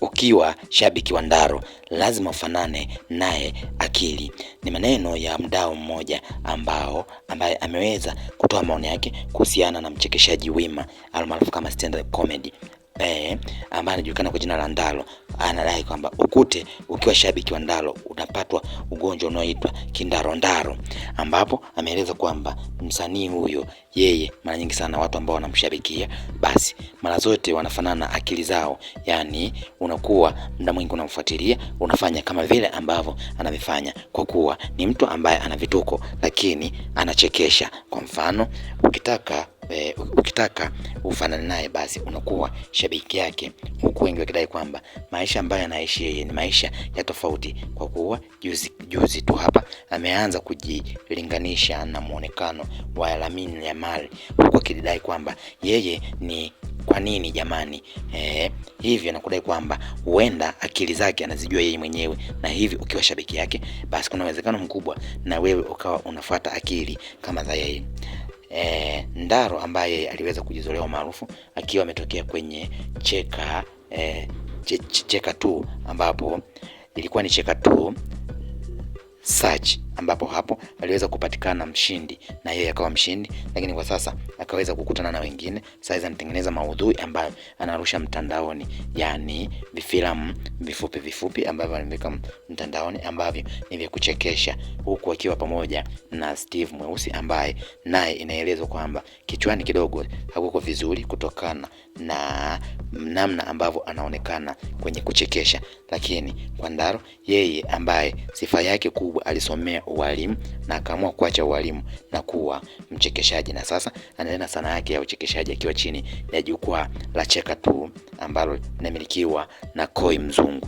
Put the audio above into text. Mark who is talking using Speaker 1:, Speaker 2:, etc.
Speaker 1: Ukiwa shabiki wa Ndaro lazima ufanane naye akili. Ni maneno ya mdau mmoja ambao ambaye ameweza kutoa maoni yake kuhusiana na mchekeshaji wima almaarufu kama stand up comedy eh, ambaye anajulikana kwa jina la ndalo anadai kwamba ukute ukiwa shabiki wa ndalo unapatwa ugonjwa unaoitwa kindarondaro, ambapo ameeleza kwamba msanii huyo yeye mara nyingi sana watu ambao wanamshabikia basi mara zote wanafanana akili zao, yani unakuwa muda mwingi unamfuatilia, unafanya kama vile ambavyo anavifanya, kwa kuwa ni mtu ambaye ana vituko, lakini anachekesha. Kwa mfano ukitaka e, ukitaka ufanane naye basi unakuwa shabiki yake, huku wengi wakidai kwamba maisha ambayo anaishi yeye ni maisha ya tofauti, kwa kuwa juzi juzi tu hapa ameanza kujilinganisha na muonekano wa Lamine Yamal, huku akidai kwamba yeye ni kwa nini jamani, eh, hivyo nakudai kwamba huenda akili zake anazijua yeye mwenyewe, na hivi ukiwa shabiki yake, basi kuna uwezekano mkubwa na wewe ukawa unafuata akili kama za yeye e, Ndaro ambaye aliweza kujizolea maarufu akiwa ametokea kwenye cheka e, che, che, cheka tu ambapo ilikuwa ni cheka tu search ambapo hapo aliweza kupatikana mshindi na yeye akawa mshindi, lakini kwa sasa akaweza kukutana na wengine. Sasa anatengeneza maudhui ambayo anarusha mtandaoni, yani vifilamu vifupi vifupi ambavyo anaweka mtandaoni ambavyo ni vya kuchekesha, huku akiwa pamoja na Steve mweusi ambaye naye inaelezwa kwamba kichwani kidogo hakuko vizuri kutokana na namna ambavyo anaonekana kwenye kuchekesha, lakini kwa Ndaro yeye ambaye sifa yake kubwa alisomea ualimu na akaamua kuacha ualimu na kuwa mchekeshaji, na sasa anaenda na sanaa yake ya uchekeshaji akiwa chini ya jukwaa la Cheka Tu ambalo linamilikiwa na Koi Mzungu.